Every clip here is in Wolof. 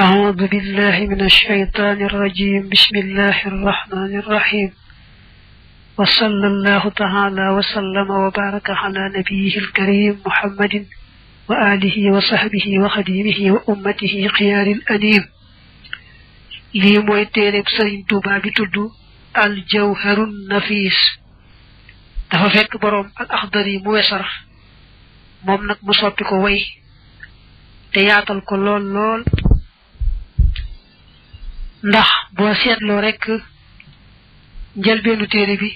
أعوذ بالله من الشيطان الرجيم بسم الله الرحمن الرحيم وصلى الله تعالى وسلم وبارك على نبيه الكريم محمد وآله وصحبه وخديمه وأمته خيار الأنيم lii mooy téereb Sëriñ Tuubaa bi tudd aljawharun nafiis dafa fekk boroom al axdari mu wesar moom nag mu soppi ko way te yaatal ko lool lool ndax boo seetloo rekk njëlbeenu téere bi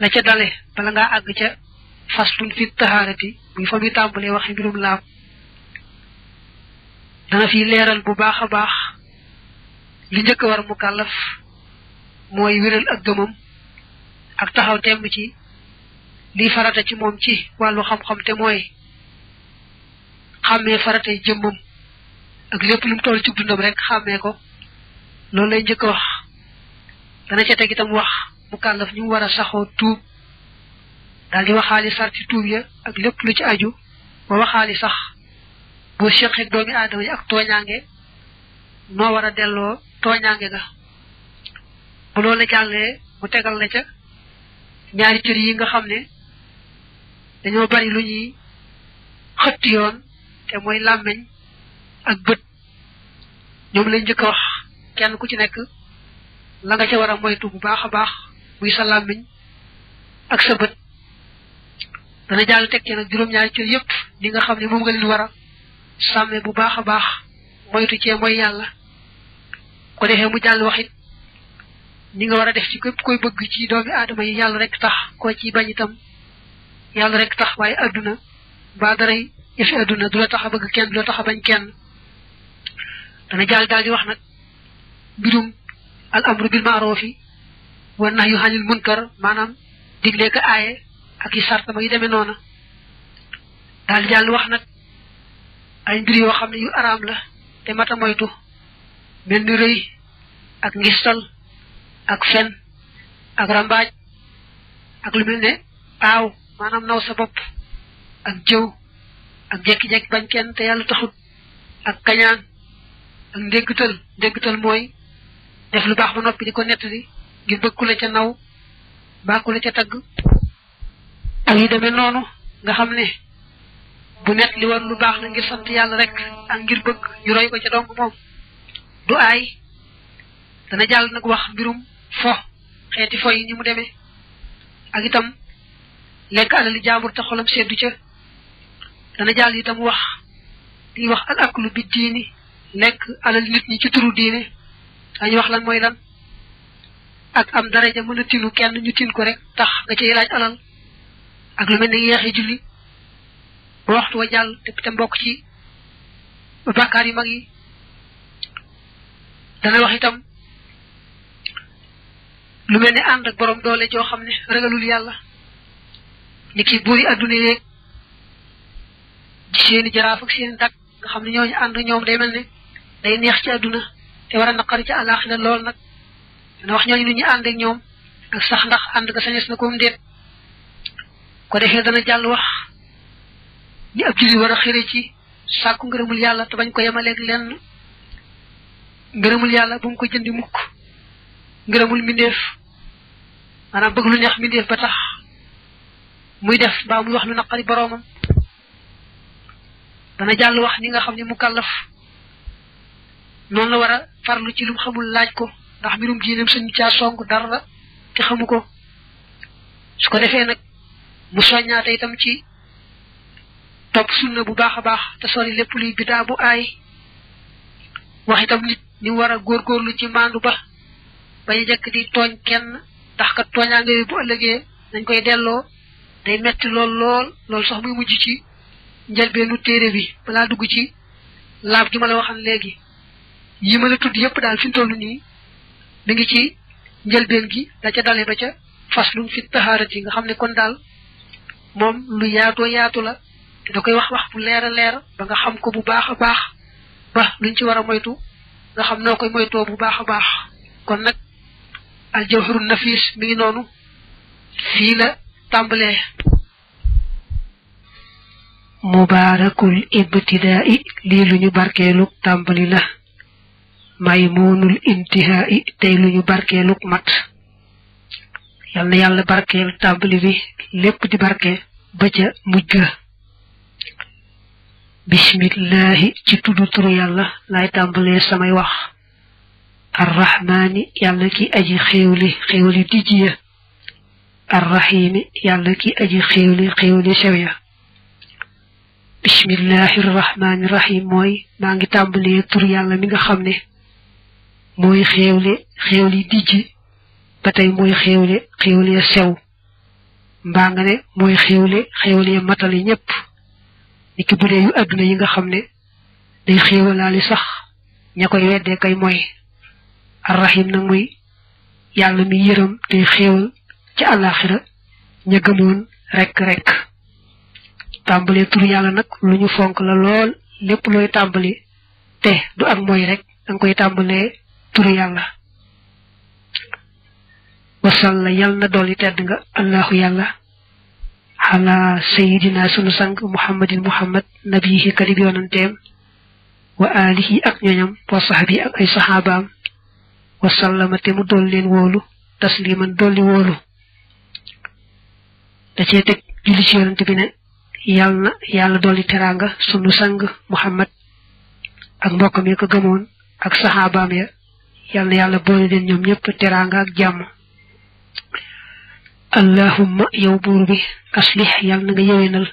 la ca dale bala ngaa àgg ca faslun fi tahaarati muy fa muy tàmbalee waxi mbirum laab dana fi leeral bu baax a baax li njëkk war mu kàllaf mooy wéral ak gëmam ak taxaw temb ci li farata ci moom ci wàllu xam-xam te mooy xàmmee faratay jëmmam ak lépp lum mu toll ci dundam rekk xàmmee ko loolu lay njëkk wax dana ca teg itam wax mu kàllaf ni mu war a saxoo tuub daal di waxaali sarti tuub ya ak lépp lu ci aju ba waxaali sax boo séqeeg doomi aadama yi ak tooñaange noo war a delloo tooñaange ga bu loolu la jàllee mu tegal na ca ñaari cër yi nga xam ne dañoo bari lu ñuy xëtt yoon te mooy làmmiñ ak bët ñoom lay njëkk a wax kenn ku ci nekk la nga ca war a moytu bu baax a baax muy sa làmmiñ ak sa bët dana jàll teg ci nag juróom-ñaari cër yëpp li nga xam ne moom nga leen war a sàmme bu baax a baax moytu cee mooy yàlla ko defee mu jàll waxit ni nga war a def ci képp koy bëgg ci doomi aadama yi yàlla rek tax koo ci bañ itam yàlla rek tax waaye adduna ba daray yëfi adduna du la tax a bëgg kenn du la bañ kenn dana jàll daal di wax nag mbirum al amru bil maarofi wa nahyu anil munkar maanaam digle ko aaye ak yi sartama yi demee noona daal di jàll wax nag ay mbir yoo xam ne yu araam la te mata moytu mel ni rëy ak ngistal ak fen ak rambaaj ak lu mel ne aaw maanaam naw sa bopp ak jëw ak jekki bañ kenn te yàlla taxut ak kañaan ak ndéggtal ndéggtal mooy def lu baax ba noppi di ko nettali ngir bëgg ku la ca naw baa ku la ca tagg ak yu noonu nga xam ne bu nett li woon lu baax na ngir sant yàlla rek ak ngir bëgg ñu roy ko ca dong moom du aay dana jàll nag wax mbirum fo xeeti fo yi ni mu demee ak itam lekk alali jaambur te xolam seddu ca dana jàll itam wax di wax ak aklu bi diini lekk alali nit ñi ci turu dañu wax lan mooy lan ak am daraja mën a tinu kenn ñu tin ko rek tax nga ciy laaj alal ak lu mel ni yeexi julli ba waxtu wa jàll te te mbokk ci bàkkaar yu mag yi dana wax itam lu mel ni ànd ak borom doole joo xam ne ragalul yàlla ni ki buuri adduna yeeg seeni jaraaf ak seeni dak nga xam ne ñooñu ànd ñoom day mel ne day neex ci adduna te war a naqari ca àllaaxira lool nag dana wax ñooñu nu ñu ànd ñoom ak sax ndax ànd nga sañes na koom déet ko defee dana jàll wax ni ab jullit war a xëre ci sàkku ngërëmul yàlla te bañ ko yemaleeg lenn ngërëmul yàlla bu mu ko jëndi mukk ngërëmul mbindeef maanaam bëgg lu neex mbindeef ba tax muy def mbaa muy wax lu naqari boroomam dana jàll wax ni nga xam ne mu kàllaf noonu la farlu ci lu xamul laaj ko ndax mbirum diineem sañu caa song dara te xamu ko su ko defee nag mu soññaate itam ci topp na bu baax a baax te sori lépp luy bidaa bu ay wax itam nit ni war góor góorgóorlu ci maandu ba bañu jëkk di tooñ kenn ndax kat tooñaa nga bu ëllëgee dañ koy delloo day metti lool lool loolu sax muy mujj ci njëlbeenu téere bi balaa dugg ci laab gi ma la waxan léegi yi mën a tudd yëpp daal fi mu toll nii mi ngi ci njëlbeen gi da ca dale ba ca faslun fi tahaarati nga xam ne kon daal moom lu yaatoo yaatu la da koy wax wax bu leer a leer ba nga xam ko bu baax a baax ba luñ ci war a moytu nga xam noo koy moytoo bu baax a baax kon nag aljawharu nafis mi ngi noonu fii la tàmbalee mubaarakul ibtidaai lii lu ñu tàmbali la maymunul intihaa'i tey lu ñu barkeeluk mat yal yàlla barkeel tàmbali bi lépp di barke ba ca mujj la bismillahi ci tuddu turu yàlla laay tàmbalee samay wax arrahmaani yàlla ki aji xéewli xéwli dijj ya arrahimi yàlla ki aji xéewli xéewli sew ya bismillahi rahmaani rahim mooy maa ngi tàmbalee tur yàlla mi nga xam ne mooy xéewle yi dijj ba tey mooy xéewle xéewle sew mbaa nga ne mooy xéewle xéewle matale ñëpp ni ki bu dee yu àdduna yi nga xam ne day xéewalaali sax ña koy weddee kay mooy arrahim nag mooy yàlla mi yërëm day xéewal ci àllaaxira ña gëmoon rekk rekk tàmbalee tur yàlla nag lu fonk la lool lépp looy tàmbali te du ak mooy rek danga koy tàmbalee turu yàlla wasalla yal na dool yi tedd nga allahu yàlla xalaa sayidina sunu sang muhammadin muhammad nabihi kalib yonanteem wa alihi ak ñoñam wa saxbi ak ay saxaabaam wasallama te mu dool leen wóolu tasliman dolli wóolu da cee teg julli ci yonante bi ne yàlla dolli teraanga sunu sang muhammad ak mbokkam ya ko gëmoon ak saxaabaam ya yal yàlla boole leen ñoom ñëpp teraanga ak jàmm allahumma yow buur bi aslih yal na nga yëwénal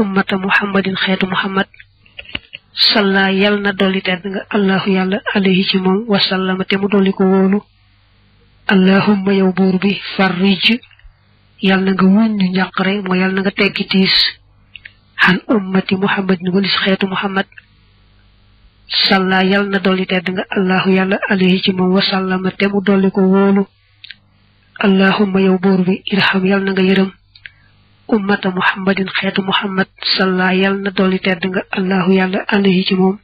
ummata muhammadin xeetu muhammad salla yal na dolli nga allahu yàlla alayhi ci moom wasallama te mu dolli ko wóolu allahumma yow buur bi farrij yal na nga wuññu njàqare moo yal na nga teggi tiis xan ummati muhammadin walis xeetu muhammad sàllaa yal na dolli tedd nga allahu yàlla alayhi ci moom wasallama te mu dolli ko wóolu allahumma yow buur bi irham yal na nga yërëm ummata muhammadin xeetu muhammad sàllaa yal na dolli tedd nga allahu yàlla alayhi ci moom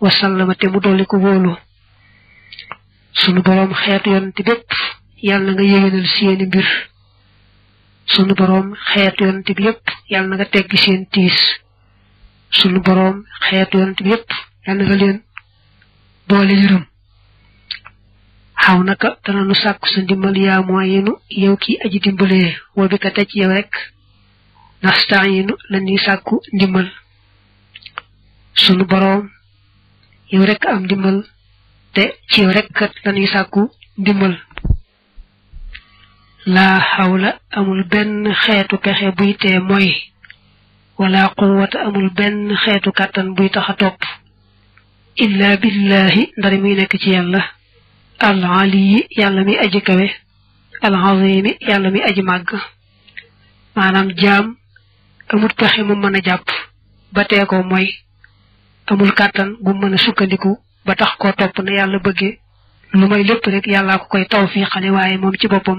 wasallama te mu dolli ko wóolu sunu boroom xeetu yonent nga yéwénal seeni mbir sunu boroom xeetu yonent bi yépp yal na nga tegg seen tiis sunu boroom xeetu yonent bi yépp yàlla na fa leen boole yërëm xaw naka dana nu sàkku sa ndimbal yaa moyenu yow kii aji dimbalee woo bi ka teg yow rek nastaayinu la ñuy sàkku ndimbal sunu boroom yow rek am ndimbal te ci yow rek kat la ñuy sàkku ndimbal laa xawla amul benn xeetu pexe buy tee mooy wala quwwata amul benn xeetu kàttan buy tax a topp illa billahi ndari muy nekk ci yàlla al aliyi yàlla mi aji kawe al azimi yàlla mi aji màgg maanaam jaam amul pexe mu mën a jàpp ba tee ko mooy amul kàttan gu mën a sukkandiku ba tax koo topp na yàlla bëggee lu may lépp rek yàllaa ko koy tawfiixale waaye moom ci boppam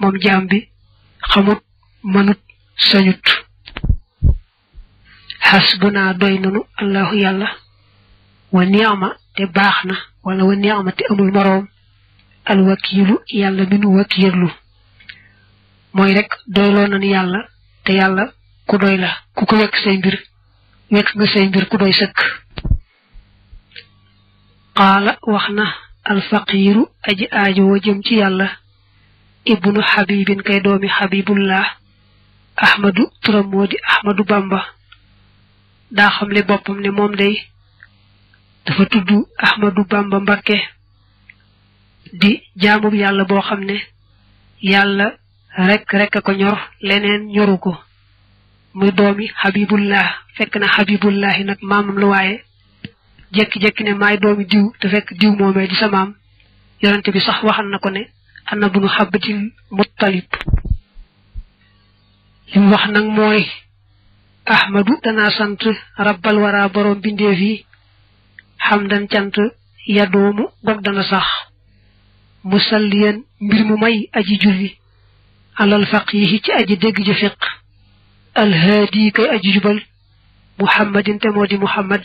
moom jaam bi xamut mënut sañut xas bu naa doy nanu allahu yàlla wa ma te baax na wala wa ni'ma te amul moroom alwakiilu yàlla mi nu wakiirlu mooy rek doyloo nañu yàlla te yàlla ku doy la ku ko wekk say mbir wekk nga say mbir ku doy sëkk qaala wax na alfaqiiru aji aajo woo jëm ci yàlla ibnu xabibin kay doomi xabibullah ahmadu turam ahmadu bamba daa xamle boppam ne moom day dafa tudd Ahmadu Bamba Mbakke di jaamub yàlla boo xam ne yàlla rek rekk a ko ñor leneen ñoru ko muy doomi Habibullah fekk na Habibullahi nag maamam lu waaye jékki-jékki ne maay doomi diw te fekk diw moomee di sa maam yonente bi sax waxal na ko ne ana bunu xabatil muttalib wax nag mooy ahmadu danaa sant rabbal wara borom bindeef yi xam dan cant yadoomu gog dana sax musalliyan mbir mu may aji julli alal faqihi ci aji dégg ju fiq alhaadi kay aji jubal muhammadin te moo di muhammad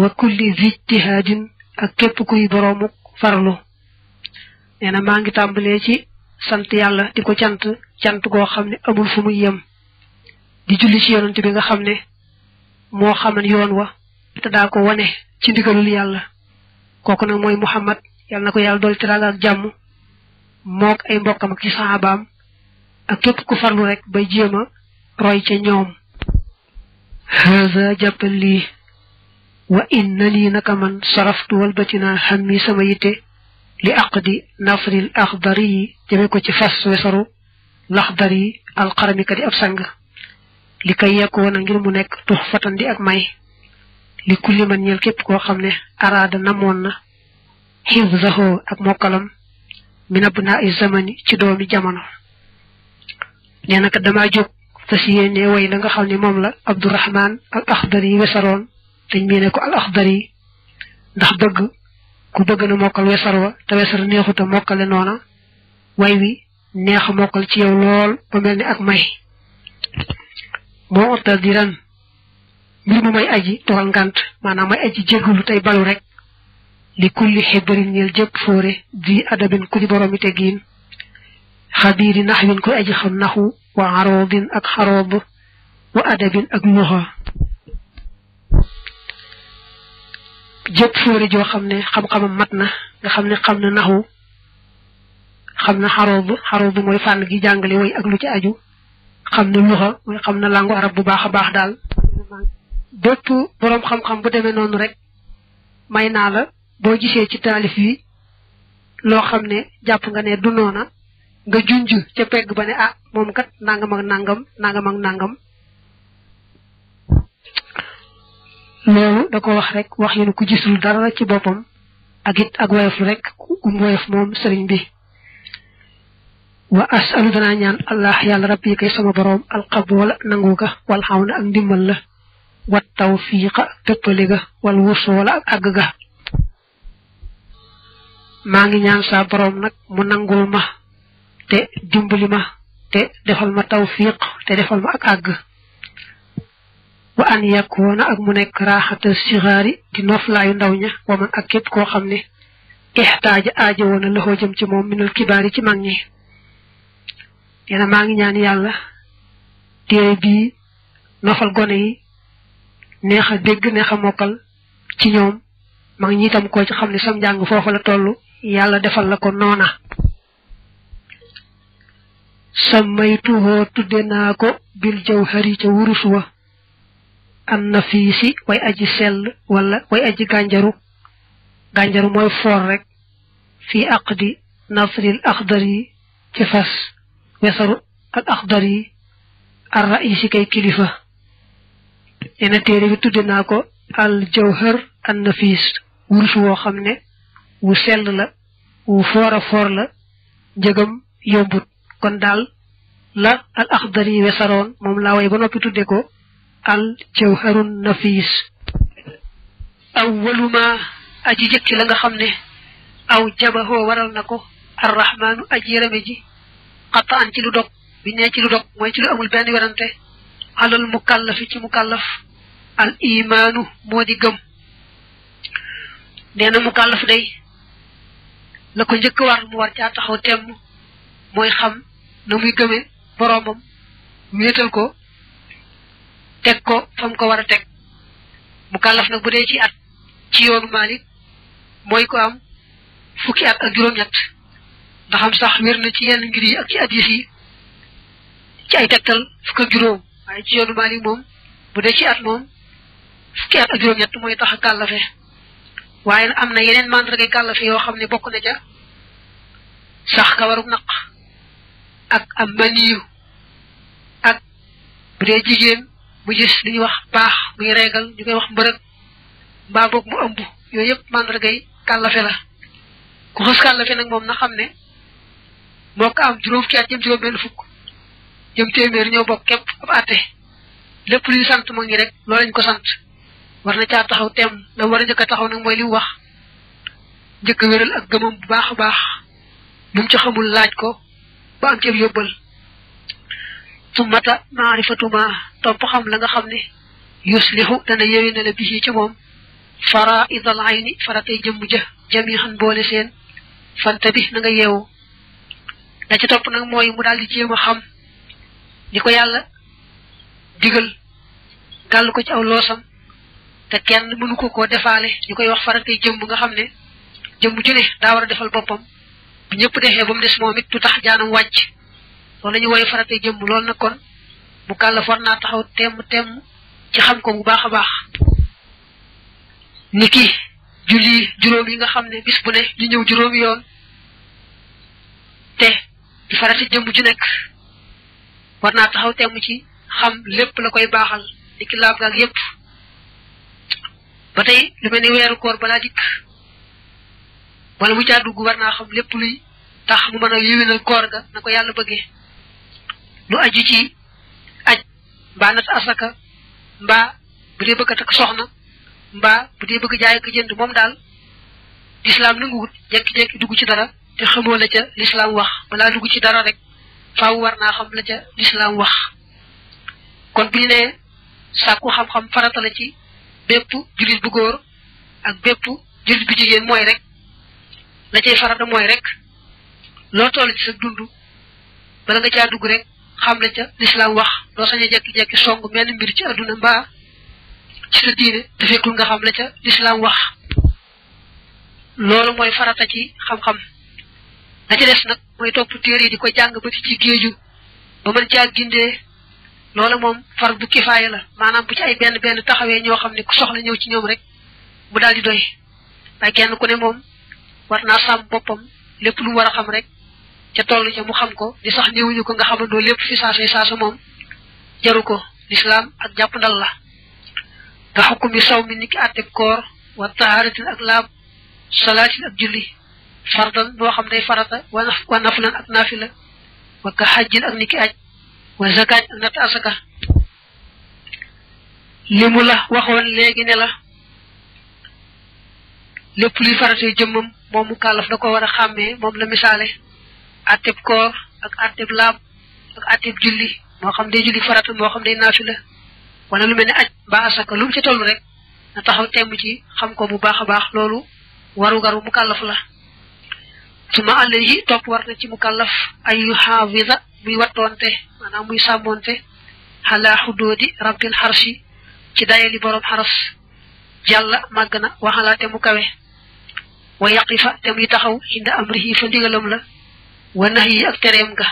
wa kulli zijtihaadin ak képp kuy boroomu farlu nee maa ngi tàmbalee ci sant yàlla di ko cant cant goo xam ne amul fu muy yem di julli ci yonent bi nga xam ne moo xaman yoon wa te daa ko wone ci ndigalul yàlla kooku na mooy Muhammad yàlla na ko yàlla dool teraanga ak jàmm mook ay mbokkam ak ci saxaabaam ak képp ku farlu rek bay jéem a roy ca ñoom haza jàppal lii wa inna lii naka man saraftu walbatinaa xam mi sama yitte li aqdi nafril axdari yi jëme ko ci fas wesaru laxdar yi alxarami kadi ab sang li kay yekk woon ngir mu nekk tux fatan di ak may li kulli man ñeel képp koo xam ne araada namoon na xifzahu ak mokkalam min abnaa i zamani ci doomi jamono nee dama kat damaa jóg fas yéene way la nga xam ne moom la Abdourahman al Axdari yi wesaroon dañ mii ne ko al Axdari ndax bëgg ku bëgg na mokkal wesar wa te wesar neexuta mokkale noona way wi neexa mokkal ci yow lool ba mel ni ak may moo ottal di ren mbir ma may aji tuxal ngant maanaam may aji jégalu tey balu rek li kulli xibbarin ñeel jëpp fóore di adabin ku ci boroomi tegiin nax naxwin koy aji xam naxu wa aroobin ak xaroob wa adabin ak moxa jëpp fóore joo xam ne xam-xamam mat na nga xam ne xam na naxu xam na xaroob xaroob mooy fànn gi jàngale way ak lu ci aju xam na luxa mooy xam na làngu arab bu baax a baax daal bépp boroom xam-xam bu demee noonu rek may naa la boo gisee ci taalif yi loo xam ne jàpp nga ne du noona nga junj ca pegg ba ne ah moom kat nangam ak nangam nangam ak nangam loolu da ko wax rekk wax yi ne ku gisul dara ci boppam ak it ak woyof lu rek um woyof moom sëriñ bi wa asalu danaa ñaan allah yàlla rabbi kay sama boroom alxab wala nangu ka wal xaw na ak ndimbal la wat tawfiiqa tëppale ga wal wusoola ak àgg ga maa ngi ñaan saa boroom nag mu nangul ma te dimbali ma te defal ma tawfiiq te defal ma ak àgg wa an yàkkoona ak mu nekk raaxata sixaari di noflaayu ndaw ña waman ak képp koo xam ne ixtaaja aajo woon na ci moom minul kibaar yi ci mag ñi nee maa ngi ñaan yàlla téere bii nofal gone yi neex a dégg neex a ci ñoom mag ñi koo ci xam ne sam njàng foofa la toll yàlla defal la ko noona sammaytuhoo tudde naa ko bil jawhari ca wurus wa an nafiisi way aji sell wala way aji gànjaru gànjaru mooy foor rek fii aqdi nasril axdar yi ci fas wesaru al axdar yi ar raisi kay kilifa nee téere bi tudde naa ko al jawhar an nafis wurus woo xam ne wu sell la wu foor foor la njëgam yombut kon daal la al axdari wesaroon moom laa way ba noppi tudde ko al jawharun nafis awwaluma aji jëkk la nga xam ne aw jabahoo waral na ko arrahmaanu aji yërëme ji xataan ci lu dog bi nee ci lu dog mooy ci lu amul benn werante alal mukallafi ci mukallaf al imaanu moo di gëm nee na mu kàllaf day la ko njëkk war mu war caa taxaw temm mooy xam na muy gëme boroomam wéetal ko teg ko fa ko war a teg mu kàllaf nag bu dee ci at ci yoonu Maalik mooy ko am fukki at ak juróom-ñett ndaxam sax wér na ci yenn ngir yi ak ci at yi ci ay tegtal fukk ak waaye ci yoonu Maalik moom bu dee ci at moom fukki at ak juróom-ñett mooy tax a kàllafe waaye na am na yeneen mandargay kàllafe yoo xam ne bokk na ca sax kawarug naq ak am maniyu ak bu dee jigéen mu gis li ñuy wax baax muy reegal ñu koy wax mbërëg mbaa boog mu ëmb yooyu yëpp mandargay kàllafe la ku xës kàllafe nag moom na xam ne moo ko am juróom fukki at jëm juróom benn fukk jëm ab àtte lépp luy sant ma ngi rek loolu lañ ko sant war na caa taxaw tem la war a njëkk a taxaw nag mooy li mu wax njëkk wéral ak gëmam bu baax a baax bu mu ci xamul laaj ko ba am ci ab yóbbal su mata maarifatuma topp xam la nga xam ne yuslihu dana yewi na la bi ci moom fara idal ayni faratay jëmm jë jamihan boole seen fanta bi na nga yeewu da ci topp nag mooy mu daal di jéem a xam ni ko yàlla digal gàll ko ci aw loosam te kenn mënu ko koo defaale ñu koy wax faratay jëmb nga xam ne jëmb ju ne daa war a defal boppam bu ñëpp defee ba mu des moom it du tax jaanam wàcc loolu la ñu woy faratay jëmb loolu nag kon mu kàllaf war naa taxaw temm temm ci xam ko bu baax a baax ni ki julli juróom yi nga xam ne bis bu ne ñu ñëw juróomi yoon te di farata jëmb ju nekk war naa taxaw temm ci xam lépp la koy baaxal ni ki laab gaag yépp ba tey lu mel ni weeru koor balaa dikk wala mu caa dugg war naa xam lépp luy tax mu man a yéwénal koor ga na ko yàlla bëggee lu aju ci aj mbaa nat asaka mbaa bu dee bëgg takk soxna mbaa bu dee bëgg jaay ko jënd moom daal lislaam nanguwut jekki-jekki dugg ci dara te xamoo la ca lislaam wax balaa dugg ci dara rek faaw war naa xam la ca lislaam wax kon bu ñu nee sàkku xam-xam farata la ci bépp jullit bu góor ak bépp jullit bu jigéen mooy rek la cay farata mooy rek loo toll ci sa dund bala nga caa dugg rek xam la ca lislaam wax doo sañ a jekki-jekki song mbir ci àdduna mbaa nga xam la ca lislaam wax loolu mooy farata ci xam-xam la ca des nag mooy topp téere yi di koy jàng ba ci ci ba mën caa gindee loole moom far bu kifaaya la maanaam bu ci ay benn benn taxawee ñoo xam ne ku soxla ñëw ci ñoom rek mu daal di doy waaye kenn ku ne moom war naa sàmm boppam lépp lu mu war a xam rek ca tollu ca mu xam ko di sax ñëwuñu ko nga xamandoo lépp fi saasay saasa moom jaru ko lislaam ak jàpp ndal la nga xukumi saw mi niki àtte koor wa tahaaratin ak laab salaatin ak julli fardan boo xam day farata wa naflan ak naafila wa ka xajjin ak niki aj wa zakat nat asaka li mu la waxoon léegi ne la lépp luy farate jëmmam ko war a xàmmee moom la misaale atteb koor ak laab ak atteb moo xam day julli farata moo xam day naafila wala lu mel ne aj ba asaka lu mu ci toll rek na taxaw temm ci xam ko bu baax a baax loolu waru garu la suma àll yi war na ci mu kàllaf ay xaafisa muy wattoonte maanaam muy sàmmoonte xalaa xudoodi rabbil xarsi ci dayali borom xaras jàlla màgg na waxalaa te mu kawe wa yaqifa te muy taxaw inda amrihi fa ndigalam la wa nax yi ak tereem ga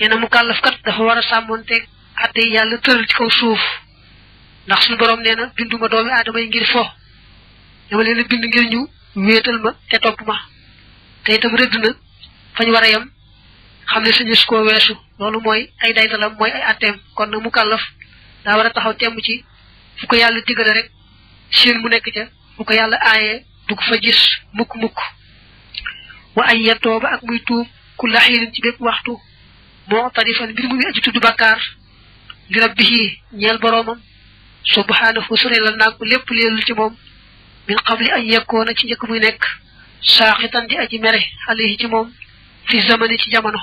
nee mu kàllaf kat dafa war a sàmmoonteeg àtte yàlla tëral ci kaw suuf ndax suñu borom nee na binduma doomi aadama yi ngir fo dama leen bind ngir ñu wéetal ma te topp ma te itam rëdd na fañ war a yem xam ne sañis koo weesu loolu mooy ay daytalam mooy ay atteem kon nag mu kàllaf daa war a taxaw temm ci fu ko yàlla digale rek siin mu nekk ca fu ko yàlla aayee du ko fa gis mukk-mukk wa an yatooba ak muy tuub ku laxiinin ci bépp waxtu moo tarifan mbir mu muy aji tudd bàkkaar li rabbihi ñeel boroomam subhaanahu sore la naa ko lépp leelul ci moom min qabli an yekkoona ci njëkk muy nekk saaxitan di aji mere alayhi ci moom fi zamani ci jamono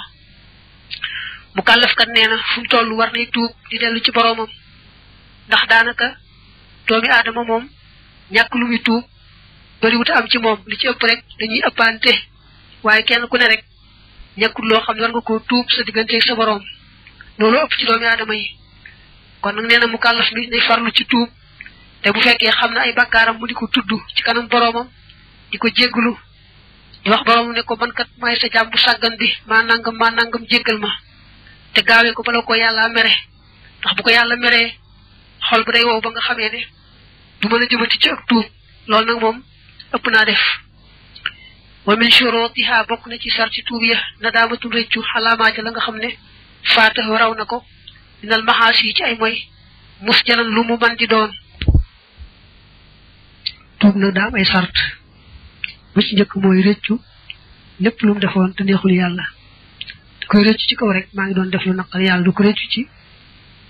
mu kàllaf kat nee na fu mu toll war nay tuub di dellu ci boroomam ndax daanaka doomi aadama moom ñàkk lu muy tuub bariwut am ci moom lu ci ëpp rek dañuy ëppante waaye kenn ku ne rek ñàkkul loo xam ne war nga koo tuub sa digganteeg sa boroom loolu ëpp ci doomi aadama yi kon nag nee mu kàllaf bi nay farlu ci tuub te bu fekkee xam na ay bakkaaram mu di ko tudd ci kanam boroomam di ko jégglu di wax boroomam ne ko man kat maay sa jàmm bu sàggan bi maa nangam maa nangam ma te gaawee ko bala ko yàlla mere ndax bu ko yàlla meree xol bu day wow ba nga xamee ne du mën a jubati ci ak tuub loolu nag moom ëpp naa def wa min shurutiha na ci sarti tuub ya nadaamatul réccu xalaamaata la nga xam ne faatahu raw na ko minal maxaas yi ci ay mooy mus jalan lu mu man di doon tuub nag daa ay sart bu ci njëkk mooy réccu lépp lu mu defoon te neexul yàlla koy rëcc ci kaw rek maa ngi doon def lu naqal yàlla du ko rëccu ci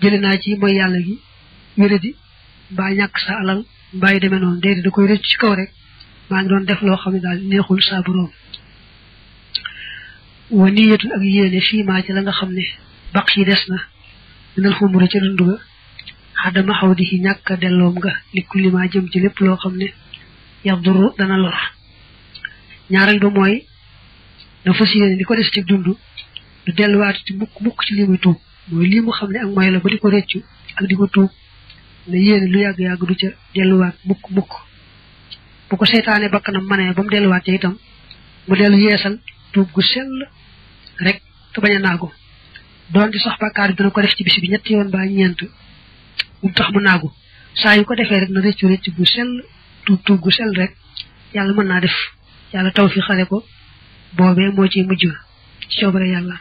jële naa ci mooy yàlla gi wéradi mbaa ñàkk sa alal mbaa yu demee noonu déedéet da koy rëccu ci kaw rek maa ngi doon def loo xam ne daal neexul saa borom wa niyatun ak yéene fii maa ci la nga xam ne baq yi des na minal xumura ca dund ga xadama xaw di ñàkk a delloom nga li kulli maa jëm ci lépp loo xam ne yaduru dana lor ñaareel ba mooy na fas yéene li ko des ci dund du delluwaat ci mukk mukk ci lii muy tuub mooy lii mu xam ne ak mooy la ba di ko rëccu ak di ko tuub ne yéene lu yàgg-yàgg du ca delluwaat mukk mukk bu ko seytaane bakkanam manee ba mu delluwaat ca itam mu dellu yeesal tuub gu sell rek te bañ a naagu doon di sox bàkkaar ko def ci bis bi ñetti yoon ba ñeent mu tax mu naagu saa yu ko defee rek na rëccu rëcc gu sell tuub gu sell rek yàlla mën naa def yàlla taw fi xale ko boobee moo ciy mujj ci coobare yàlla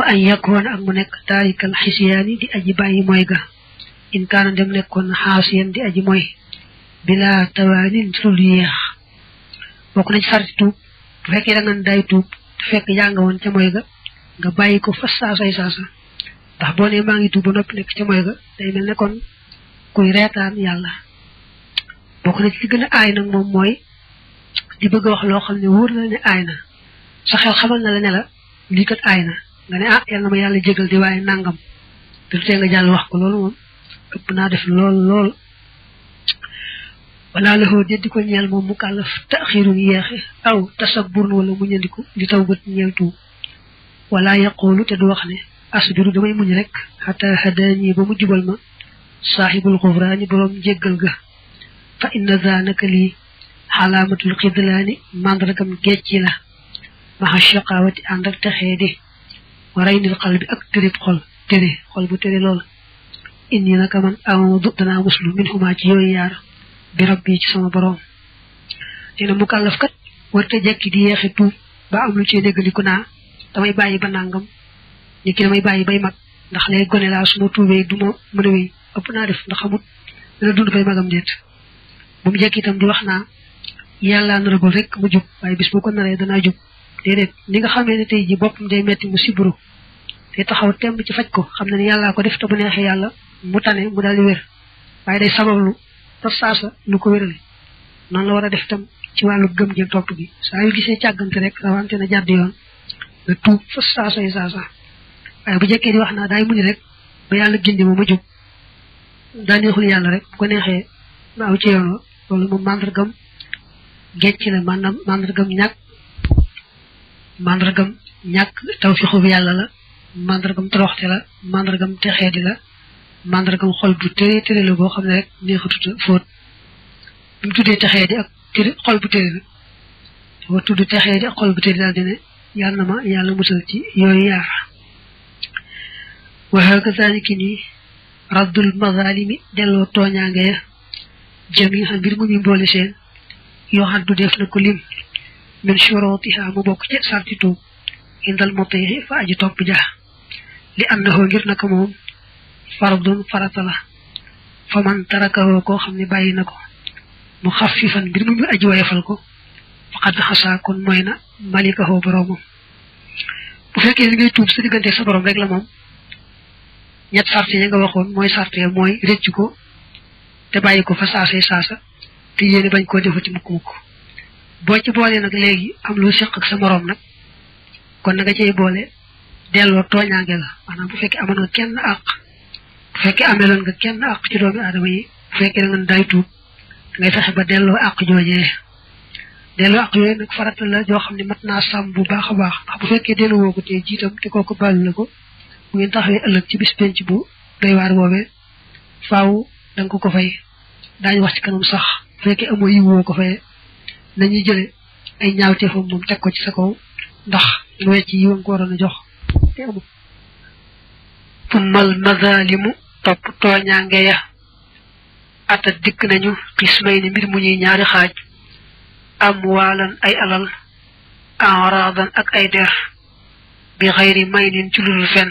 wa an yakoon ak mu nekk taarikal xisiyaani di aji bàyyi mooy ga in kaana dem nekkoon xaasiyan di aji mooy bila tawaanin ci lu yeex bokk na ci sarti tuub bu fekkee da nga day tuub bu fekk yaa nga woon ca mooy ga nga bàyyi ko fa saasay saasa ndax boo maa ngi tuub ba noppi nekk ca mooy ga day mel ne kon kuy reetaan yàlla bokk na ci gën a aay nag moom mooy di bëgg a wax loo xam ne wóor na la ne aay na sa xel xamal na la ne lii kat aay na nga ne ah yal na ma yàlla jégal di waaye nangam te lu tee nga jàll wax ko loolu moom naa def lool lool wala loxoo déddi ko ñeel moom mu kàllaf taxirun yeexe aw tasabburun wala mu ñandiku taw bët ñeel tuub wala yaqulu te du wax ne asbiru damay muñ rek xata hadani ba mu jubal ma saaxibul xufraani boroom jéggal ga fa inna zanaka lii xalaamatul xidlaani mandargam gecci la maxa shaqaawati ànd ak texee di waray indi xal bi ak tërib xol tere xol bu tere lool indi naka man amudu danaa muslu min ci yooyu yaar bi rabbi ci sama boroom nee na mu kàllaf kat warta jekki di yeexe tuub ba am lu cee déggaliku naa damay bàyyi ba nàngam ni ki damay bàyyi bay mag ndax lay gone laa su ma tuubee du ma mën a wéy ëpp naa def ndax xamut dana dund bay magam déet bu mu jekki itam di wax naa yàllaa naragul rek mu jub waaye bis bu ko naree danaa jub déedéet ni nga xamee ne tey ji boppam day metti mu sibru te taxaw temb ci faj ko xam na ne yàlla ko def te bu neexee yàlla mu tane mu daal di wér waaye day sabablu daf saasa lu ko wérale noonu la war a def tam ci wàllu gëm jëg topp gi saa yu gisee rek rawante na jàdd yoon nga tuub fas saasa waaye bu jekkee di wax naa daay muñ rek ba yàlla gindi ma ma jub daa neexul yàlla rek bu ko neexee ma aw ci yoon wa loolu moom mandargam gecc la maanaam mandargam ñàkk mandargam ñàkk tawfiixu yàlla la mandargam toroxte la mandargam texeedi la mandargam xol bu tëree tëree la boo xam ne rek neexatut fóot bi mu tuddee texeedi ak tëree xol bu tëree la boo bu tëree daal di yàlla na ma yàlla musal ci yooyu yaar waxee ko saaniki nii raddul mazalimi delloo tooñaange ya jamihan mbir mu ñu mboole seen yoo xam du def na ko min shurutiha mu bokk ci sarti tuub indal mutihi fa aji topp ja li annahu ngir naka moom fardun farata la fa man tarakahu koo xam ne bàyyi na ko mu xaffifan mbir mu ñu aji wayefal ko faqad xasaa kon moy na malikahu boroomam bu fekkee li ngay tuub sa diggante sa borom rek la moom ñett sarte ya nga waxoon mooy sarte mooy rëcc ko te bàyyi ko fa saasay saasa te yéene bañ koo defati mukk mukk boo ci boolee nag léegi am lu seq ak sa moroom nag kon nag nga cey boole delloo tooñaange la maanaam bu fekkee amoon nga kenn àq bu fekkee ameloon nga kenn àq ci doomi aadama yi bu fekkee da nga day tuub ngay fexe ba delloo ak joojee delloo àq yooyu nag farata la joo xam ne mat naa sàmm bu baax a baax bu fekkee delluwoo ko te jiitam te kooku bàll la ko bu tax taxawee ëllëg ci bis penc bu doy waar boobee faaw da ko ko fay daañu wax ci sax bu fekkee amoo yiwoo ko fay la ñuy jële ay ñaawteefam moom teg ko ci sa kaw ndax lu wecc ci wam ko waroon a jox te amul tummal mazalimu topp tooñaange ya ata dikk nañu xismay ni mbir mu ñuy ñaari xaaj am waalan ay alal enradan ak ay der bi xayri may nin ci ludul fen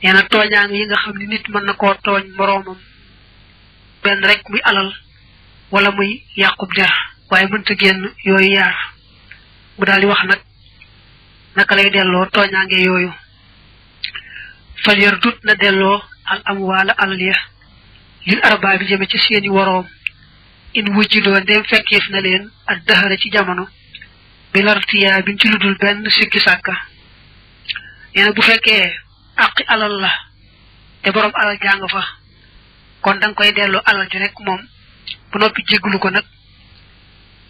nee na tooñaange yi nga xam ne nit mën na koo tooñ moroomam benn rek muy alal wala muy yàqu der waaye mënta génn yooyu yaar mu daal di wax nag naka lay delloo tooñaange yooyu fal yar dut na delloo al am waala alal ya lil arbaa bi jëme ci seeni woroom in wujjidoo ndem fekkeef na leen ak daxara ci jamono bi lartiyaa biñ ci ludul benn sikki sàkka nee bu fekkee àqi alal la te boroom alal jàng fa kon danga koy delloo alal ji rekk moom bu noppi jégglu ko nag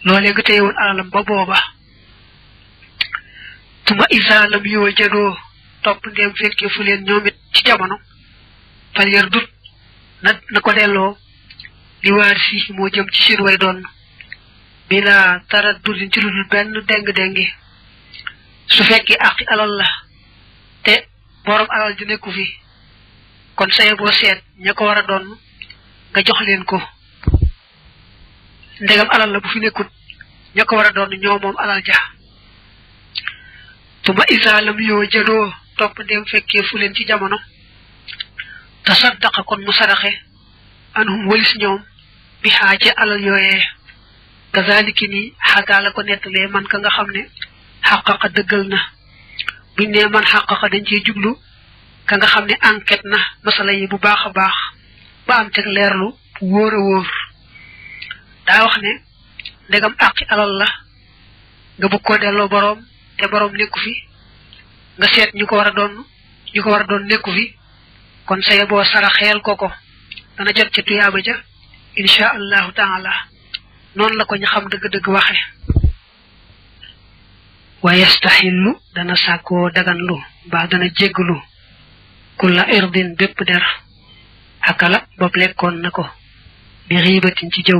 loolee nga téyewoon alalam ba booba tuma isaalam yoo jadoo topp ndeem fekkee fu leen ñoom ci jamono fal yar dut na ko delloo li waar si moo jëm ci seen way doon bila tara dudin ci ludul benn déng-déngi su fekkee àqi alal la te borom alal ji nekku fi kon saye boo seet ña ko war a doon nga jox leen ko ndegam alal la bu fi nekkut ña ko war a doon ñoo moom alal ja tuma isaalam yoo jadoo topp ndem fekkee fu leen ci jamono te saddaqa kon mu saraxe anhum walis ñoom bi xaa ci alal yooyee kazaliki ni xakaa ko nettalee man ka nga xam ne xaqaqa dëggal na buñ ne man xaqaqa dañ cee jublu ka nga xam ne enquête na masala yi bu baax a baax ba am teg leerlu wóor a daa wax ne ndegam àqi alal la nga bëgg koo delloo boroom te boroom nekku fi nga seet ñu ko war a doon ñu ko war a doon nekku fi kon saye boo saraxeel ko ko dana jot ca tuyaaba ja insha allahu taala noonu la ko ñu xam dëgg-dëgg waxe wa yastaxillu dana sàkkoo daganlu mbaa dana jégglu kulla irdin bépp der akala bopp lekkoon na ko bi xiibatin ci jëw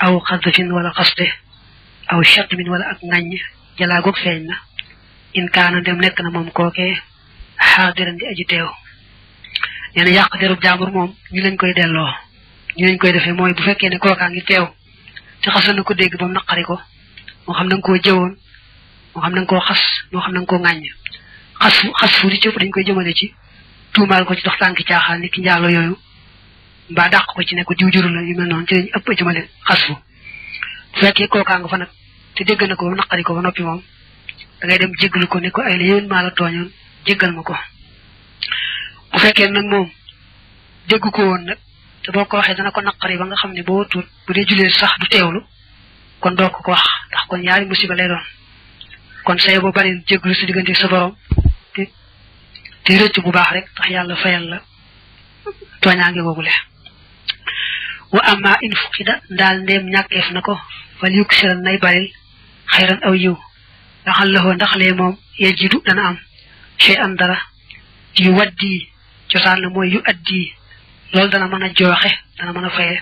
aw xasafin wala xaste aw mine wala ak ŋàññ jalaa goog feeñ na in kaana dem nekk na moom kookee xaadiran de aji teew nee na yàq derub jaambur moom ñu lañ koy delloo ñu lañ koy defee mooy bu fekkee ne kookaa ngi teew te xasoon na ko dégg ba mu naqari ko moo xam na nga koo jëwoon moo xam na nga koo xas moo xam na nga koo ŋàññ xas xas fu di cëpp dañ koy jëmale ci tuumaal ko ci dox tànki caaxaan ni ki njaalo yooyu mbaa dàq ko ci ne ko diw juru la yu mel noonu ci lañu ëpp jëmale xasfu bu fekkee kookaa nga fa nag te dégg na ko ba naqari ko ba noppi moom da ngay dem jéggalu ko ne ko ay la yéen maa la tooñoon jéggal ma ko bu fekkee nag moom dégg ko woon nag te boo ko waxee dana ko naqari ba nga xam ne boo tuut bu dee jullee sax du teewlu kon doo ko ko wax ndax kon ñaari musiba lay doon kon say boo bari jéggalu si diggante sa borom te rëcc bu baax rek tax yàlla fayal la tooñaange googule wa amma in fuqida ndaal ndeem ñàkkeef na ko wala yukk siran nay baril xayran aw yiw daxal la ndax lee moom ye jidu dana am xëy am dara yu waddi cosaan la mooy yu addi loolu dana mën a jooxe dana mën a faye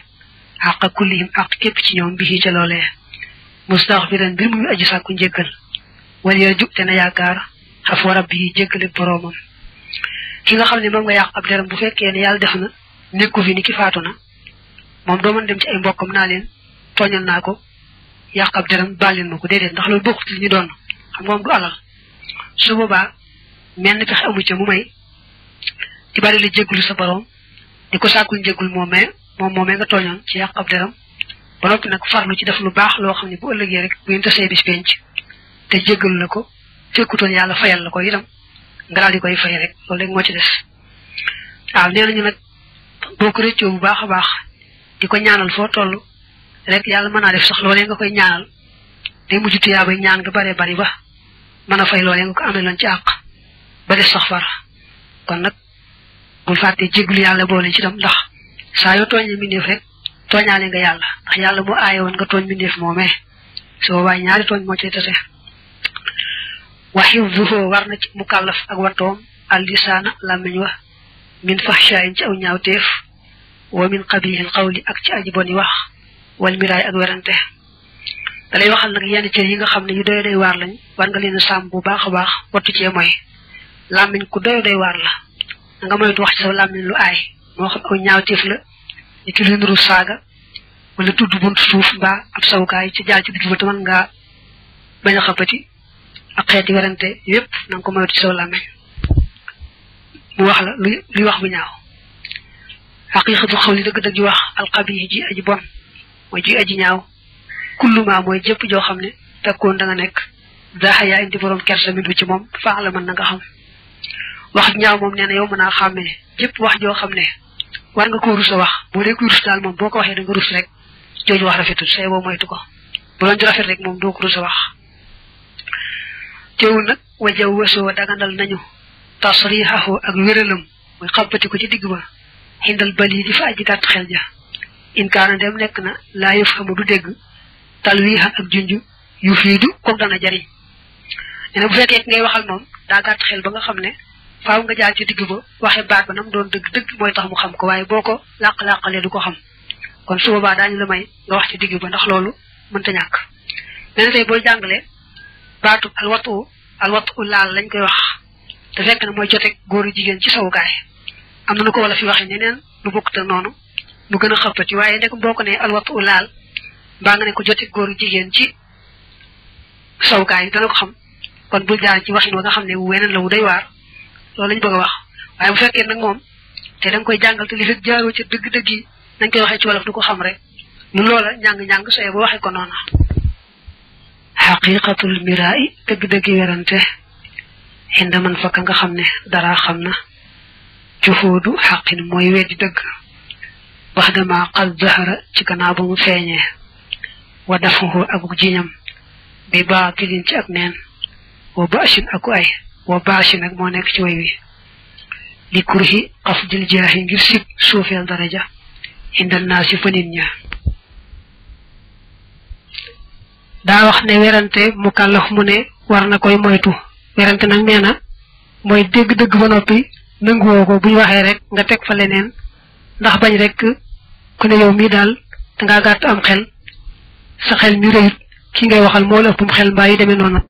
àq kullihim àq képp ci ñoom bi ca loolee mustaxfiran mbir muy aju sàkku njéggal wala yaa jug te na yaakaar xaf warab bi jéggale boroomam ki nga xam ne moom nga yàq ab deram bu fekkee ne yàlla def na nekku fi ni ki faatu na moom doo mën dem ci ay mbokkam naa leen tooñal naa ko yàq ab deram baal leen ma ko déedéet ndax loolu bokkut li ñu doon xam nga moom du alal su boobaa menn pexe amu ca mu may di bari la jéggulu sa borom di ko sàkkul njéggul moomee moom moomee nga tooñoon ci yàq ab deram ba noppi nag farlu ci def lu baax loo xam ne bu ëllëgee rek bu ngeen tasee bis penc te jéggalu la ko fekkutoon yàlla fayal la ko itam nga daal di koy fay rek loolu rek moo ci des waaw nee nañu nag boo ko rëccoo bu baax a baax di ko ñaanal foo toll rek yàlla mën naa def sax loolee nga koy ñaanal day mujj tuyaaba ñaan nga baree bari ba mën a fay loolee nga ko amee loon ci àq ba des sax far kon nag bul fàtte jéggul yàlla boole ci tam ndax saa yoo tooñee mbindeef rek tooñaale nga yàlla ndax yàlla bu aaye woon nga tooñ mbindeef moomee su boobaa ñaari tooñ moo cay tase waxi war na ci mukallaf ak wattoom al lisaana làmmiñ wa min fahshaayin ci aw ñaawteef wa min qabihil qawli ak ci aji boni wax wal miraay ak werante da lay waxal nag yenn cër yi nga xam ne yu doyo doy waar lañu war nga leen a sàmm bu baax a baax wattu cee mooy làmmiñ ku doyo doy waar la da nga moytu wax ci sa làmmiñ lu ay moo xam aw ñaawteef la ni ki leen ru saaga wala tudd bunt suuf mbaa ab yi ci jaar ci dugg ba te mën ngaa bañ a ak xeet werante yépp na nga ko moytu ci sa làmmiñ mu wax la luy luy wax bu ñaaw xaqiqatu xaw li dëgg dëgg wax alxabiyi ji aji bon mooy ji aji ñaaw kulluma mooy jëpp joo xam ne fekkoon da nga nekk daaxa yaa indi borom kersa min bu ci moom faax la man na nga xam wax ñaaw moom nee na yow mën naa xàmmee jëpp wax joo xam ne war nga koo rus a wax boo dee kuy rus daal moom boo ko waxee da nga rek jooju wax rafetul say boo moytu ko bu doon rafet rek moom doo ko rus a wax teewul nag wajaw wesoo dagandal nañu tasrihahu ak wéralam muy xampati ko ci digg ba xindal bali di fa aji gàtt xel ja inkaana dem nekk na laa yafhamu du dégg talwihan ak junju yu fiidu kook dana jariñ nee na bu fekkee ngay waxal moom daa gàtt xel ba nga xam ne faaw nga jaar ci digg ba waxe baat ba nam doon dëgg dëgg mooy tax mu xam ko waaye boo ko làq-làqalee du ko xam kon su boobaa daañu la may nga wax ci digg ba ndax loolu mënta ñàkk nee na tey booy jàngale baatu alwatu alwatu laal lañ koy wax te fekk na mooy jote góor yu jigéen ci sowukaay am na nu ko wala fi waxee neneen lu bokk te noonu lu gën a xëppati waaye ndek boo ko ne alwatu laal mbaa nga ne ko joteeg góor yu jigéen ci sowukaay yi dana ko xam kon bu jaar ci waxin wa nga xam ne weneen la wu day waar loolu lañ bëgg a wax waaye bu fekkee nag moom te da koy jàngal te li fekk ci dëgg-dëgg yi koy waxee ci wolof du ko xam rek lu loola njàng-njàng soye ba waxee ko noona xaqiqatul miraa i dëgg-dëgg inda man fakka nga xam ne dara xam na juhuudu xaqin mooy weddi dëgg wax dama xas zahara ci gannaaw ba mu feeñee wa dafahu akuk jiñam bi baatilin ci ak neen wa baashin ay wa baashin ak moo nekk ci way wi li kurhi xafdil jaahi ngir sib suufeel daraja indal naa si fa daa wax ne werante mukallaf mu ne war na koy moytu werante nag nee na mooy dégg dëgg ba noppi nanguwoo ko bu ñu waxee rek nga teg fa leneen ndax bañ rek ku ne yow mii daal dangaa gàtt am xel sa xel mi rëyut ki ngay waxal moo la ëppum xel mbaa yi demee noonu